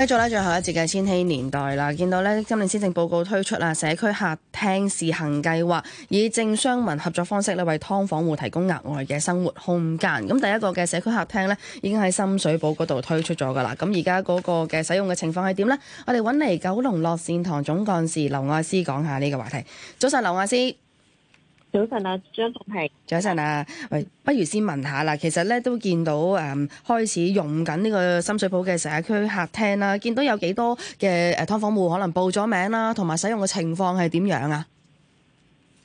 繼續咧，最後一節嘅千禧年代啦，見到咧今年施政報告推出啦，社區客廳試行計劃，以政商民合作方式咧，為㓥房戶提供額外嘅生活空間。咁第一個嘅社區客廳咧，已經喺深水埗嗰度推出咗噶啦。咁而家嗰個嘅使用嘅情況係點呢？我哋揾嚟九龍樂善堂總幹事劉愛詩講下呢個話題。早晨，劉愛詩。早晨啊，張同平。早晨啊，喂，不如先問下啦。其實咧都見到誒、嗯，開始用緊呢個深水埗嘅社區客廳啦。見到有幾多嘅誒劏房戶可能報咗名啦，同埋使用嘅情況係點樣啊？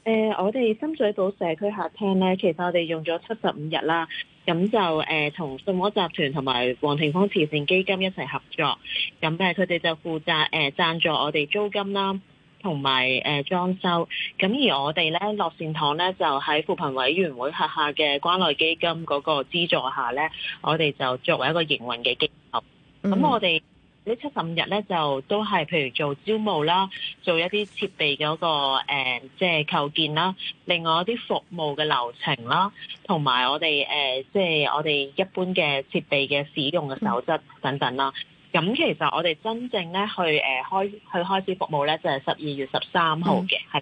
誒、呃，我哋深水埗社區客廳咧，其實我哋用咗七十五日啦。咁就誒，同、呃、信和集團同埋黃廷方慈善基金一齊合作。咁誒，佢、呃、哋就負責誒贊、呃、助我哋租金啦。呃同埋誒裝修，咁而我哋咧樂善堂咧就喺扶貧委員會轄下嘅關愛基金嗰個資助下咧，我哋就作為一個營運嘅機構。咁、mm hmm. 我哋呢七十五日咧就都係譬如做招募啦，做一啲設備嗰個即係、呃即係、構建啦，另外一啲服務嘅流程啦，同埋我哋誒即係我哋一般嘅設備嘅使用嘅守則等等啦。Mm hmm. 咁其實我哋真正咧去誒開去開始服務咧、嗯呃，就係十二月十三號嘅，係。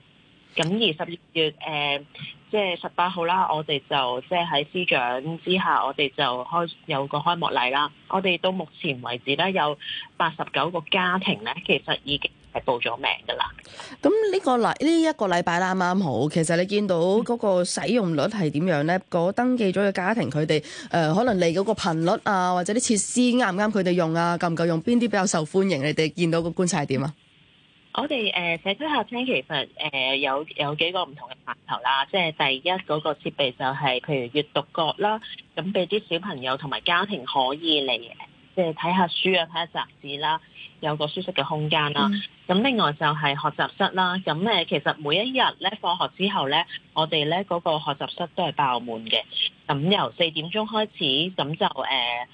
咁而十二月誒，即係十八號啦，我哋就即係喺司長之下，我哋就開有個開幕禮啦。我哋到目前為止咧，有八十九個家庭咧，其實已經，係報咗名㗎喇。咁呢個禮呢一、這個禮拜啦，啱啱好？其實你見到嗰個使用率係點樣呢？嗰、嗯、登記咗嘅家庭佢哋誒可能嚟嗰個頻率啊，或者啲設施啱唔啱佢哋用啊？夠唔夠用？邊啲比較受歡迎？你哋見到嘅觀察係點啊？我哋誒社區客廳其實誒、呃、有有幾個唔同嘅範疇啦，即係第一嗰、那個設備就係、是、譬如閱讀角啦，咁俾啲小朋友同埋家庭可以嚟。即係睇下書啊，睇下雜誌啦，有個舒適嘅空間啦。咁另外就係學習室啦。咁誒，其實每一日咧放學之後咧，我哋咧嗰個學習室都係爆滿嘅。咁由四點鐘開始，咁就誒、呃、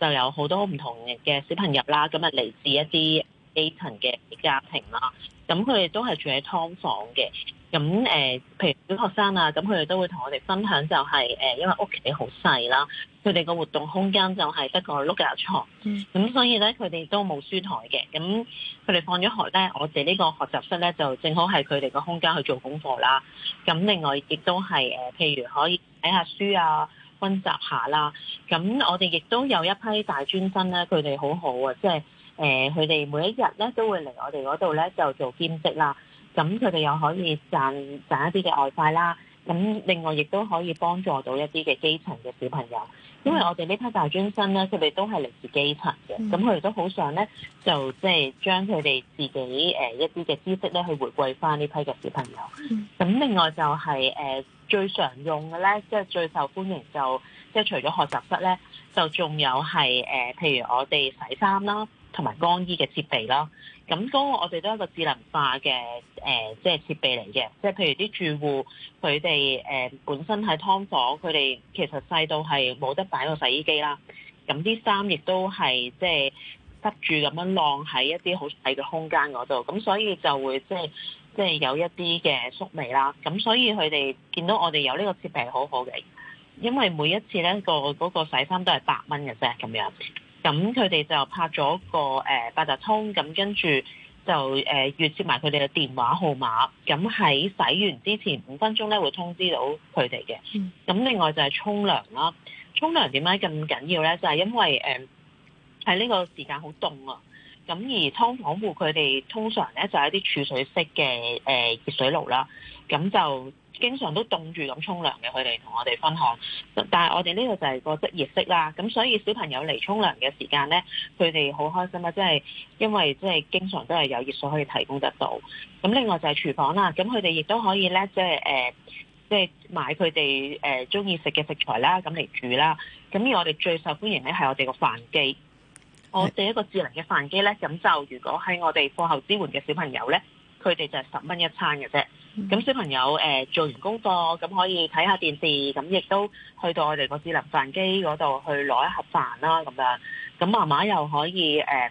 就有好多唔同嘅小朋友啦。咁啊嚟自一啲，基層嘅家庭啦，咁佢哋都係住喺劏房嘅，咁誒，譬如小學生啊，咁佢哋都會同我哋分享，就係誒，因為屋企好細啦，佢哋個活動空間就係得個碌架床。咁所以咧，佢哋都冇書台嘅，咁佢哋放咗學咧，我哋呢個學習室咧就正好係佢哋個空間去做功課啦，咁另外亦都係誒，譬如可以睇下書啊，温習下啦，咁我哋亦都有一批大專生咧，佢哋好好啊，即係。誒，佢哋每一日咧都會嚟我哋嗰度咧就做兼職啦，咁佢哋又可以賺賺一啲嘅外快啦，咁另外亦都可以幫助到一啲嘅基層嘅小朋友，因為我哋呢批大專生咧，佢哋都係嚟自基層嘅，咁佢哋都好想咧就即係將佢哋自己誒一啲嘅知識咧去回饋翻呢批嘅小朋友。咁另外就係誒最常用嘅咧，即係最受歡迎就即係除咗學習室咧，就仲有係誒譬如我哋洗衫啦。同埋乾衣嘅設備啦。咁嗰個我哋都係一個智能化嘅誒，即係設備嚟嘅，即係譬如啲住戶佢哋誒本身喺劏房，佢哋其實細到係冇得擺個洗衣機啦，咁啲衫亦都係即係濕住咁樣晾喺一啲好細嘅空間嗰度，咁所以就會即係即係有一啲嘅縮味啦，咁所以佢哋見到我哋有呢個設備好好嘅，因為每一次咧個嗰個洗衫都係八蚊嘅啫咁樣。咁佢哋就拍咗個誒、呃、八達通，咁跟住就誒預設埋佢哋嘅電話號碼，咁喺洗完之前五分鐘咧會通知到佢哋嘅。咁另外就係沖涼啦，沖涼點解咁緊要咧？就係、是、因為誒喺呢個時間好凍啊！咁而劏房戶佢哋通常咧就係一啲儲水式嘅誒熱水爐啦，咁就經常都凍住咁沖涼嘅。佢哋同我哋分享，但係我哋呢度就係個即熱式啦。咁所以小朋友嚟沖涼嘅時間咧，佢哋好開心啊！即係因為即係經常都係有熱水可以提供得到。咁另外就係廚房啦，咁佢哋亦都可以咧，即係誒，即係買佢哋誒鍾意食嘅食材啦，咁嚟煮啦。咁而我哋最受歡迎咧係我哋個飯機。我哋一個智能嘅飯機呢，咁就如果喺我哋課後支援嘅小朋友呢，佢哋就係十蚊一餐嘅啫。咁小朋友誒、呃、做完工作咁可以睇下電視，咁亦都去到我哋個智能飯機嗰度去攞一盒飯啦咁樣。咁媽媽又可以誒。呃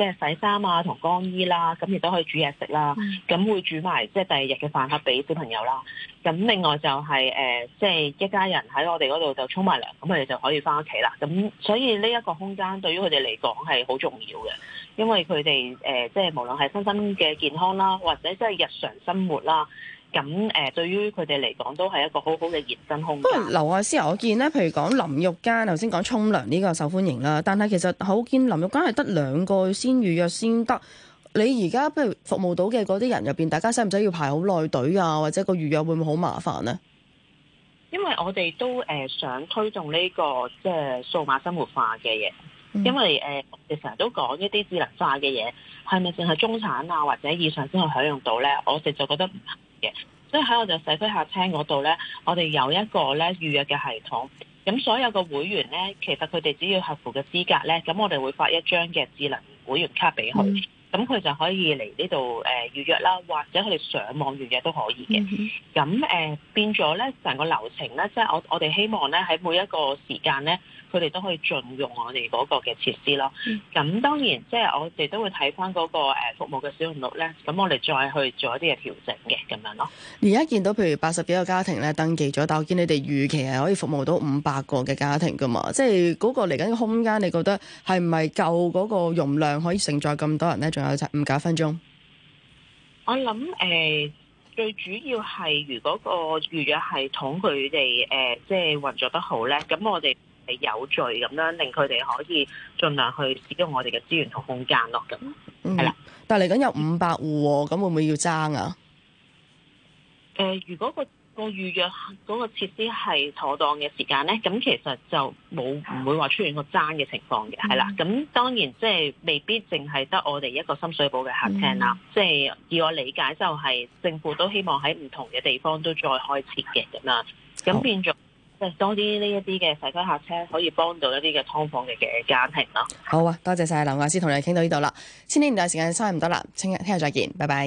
即係洗衫啊，同乾衣啦，咁亦都可以煮嘢食啦，咁 會煮埋即係第二日嘅飯盒俾小朋友啦。咁另外就係、是、誒，即、呃、係、就是、一家人喺我哋嗰度就沖埋涼，咁佢哋就可以翻屋企啦。咁所以呢一個空間對於佢哋嚟講係好重要嘅，因為佢哋誒，即係無論係身心嘅健康啦，或者即係日常生活啦。咁誒、呃，對於佢哋嚟講，都係一個好好嘅延伸空間。不過，劉愛詩，我見咧，譬如講淋浴間頭先講沖涼呢個受歡迎啦，但係其實好見淋浴間係得兩個先預約先得。你而家譬如服務到嘅嗰啲人入邊，大家使唔使要排好耐隊啊？或者個預約會唔會好麻煩呢？因為我哋都誒、呃、想推動呢、呢個即係數碼生活化嘅嘢，嗯、因為誒，我哋成日都講一啲智能化嘅嘢係咪淨係中產啊或者以上先可以享用到呢？我哋就覺得。即係喺我哋嘅社區客廳嗰度咧，我哋有一個咧預約嘅系統。咁所有嘅會員咧，其實佢哋只要合符嘅資格咧，咁我哋會發一張嘅智能會員卡俾佢。咁佢就可以嚟呢度誒預約啦，或者佢哋上網預約都可以嘅。咁誒、mm hmm. 呃、變咗咧，成個流程咧，即係我我哋希望咧喺每一個時間咧，佢哋都可以盡用我哋嗰個嘅設施咯。咁、mm hmm. 當然即係我哋都會睇翻嗰個服務嘅使用率咧，咁我哋再去做一啲嘅調整嘅咁樣咯。而家見到譬如八十幾個家庭咧登記咗，但我見你哋預期係可以服務到五百個嘅家庭㗎嘛？即係嗰個嚟緊嘅空間，你覺得係唔係夠嗰個容量可以承載咁多人咧？五九分鐘，我諗誒、呃，最主要係如果個預約系統佢哋誒，即係運作得好咧，咁我哋係有序咁樣，令佢哋可以盡量去使用我哋嘅資源同空間咯。咁係啦，嗯、了但係嚟緊有五百戶，咁會唔會要爭啊？誒、呃，如果、個我預約嗰個設施係妥當嘅時間呢，咁其實就冇唔會話出現個爭嘅情況嘅，係啦、嗯。咁當然即係未必淨係得我哋一個深水埗嘅客廳啦。嗯、即係以我理解就係政府都希望喺唔同嘅地方都再開設嘅咁啦。咁變咗多啲呢一啲嘅社區客廳可以幫到一啲嘅劏房嘅嘅家庭咯。好啊，多謝晒劉愛詩同你傾到呢度啦。千禧年代時間差唔多啦，聽日聽日再見，拜拜。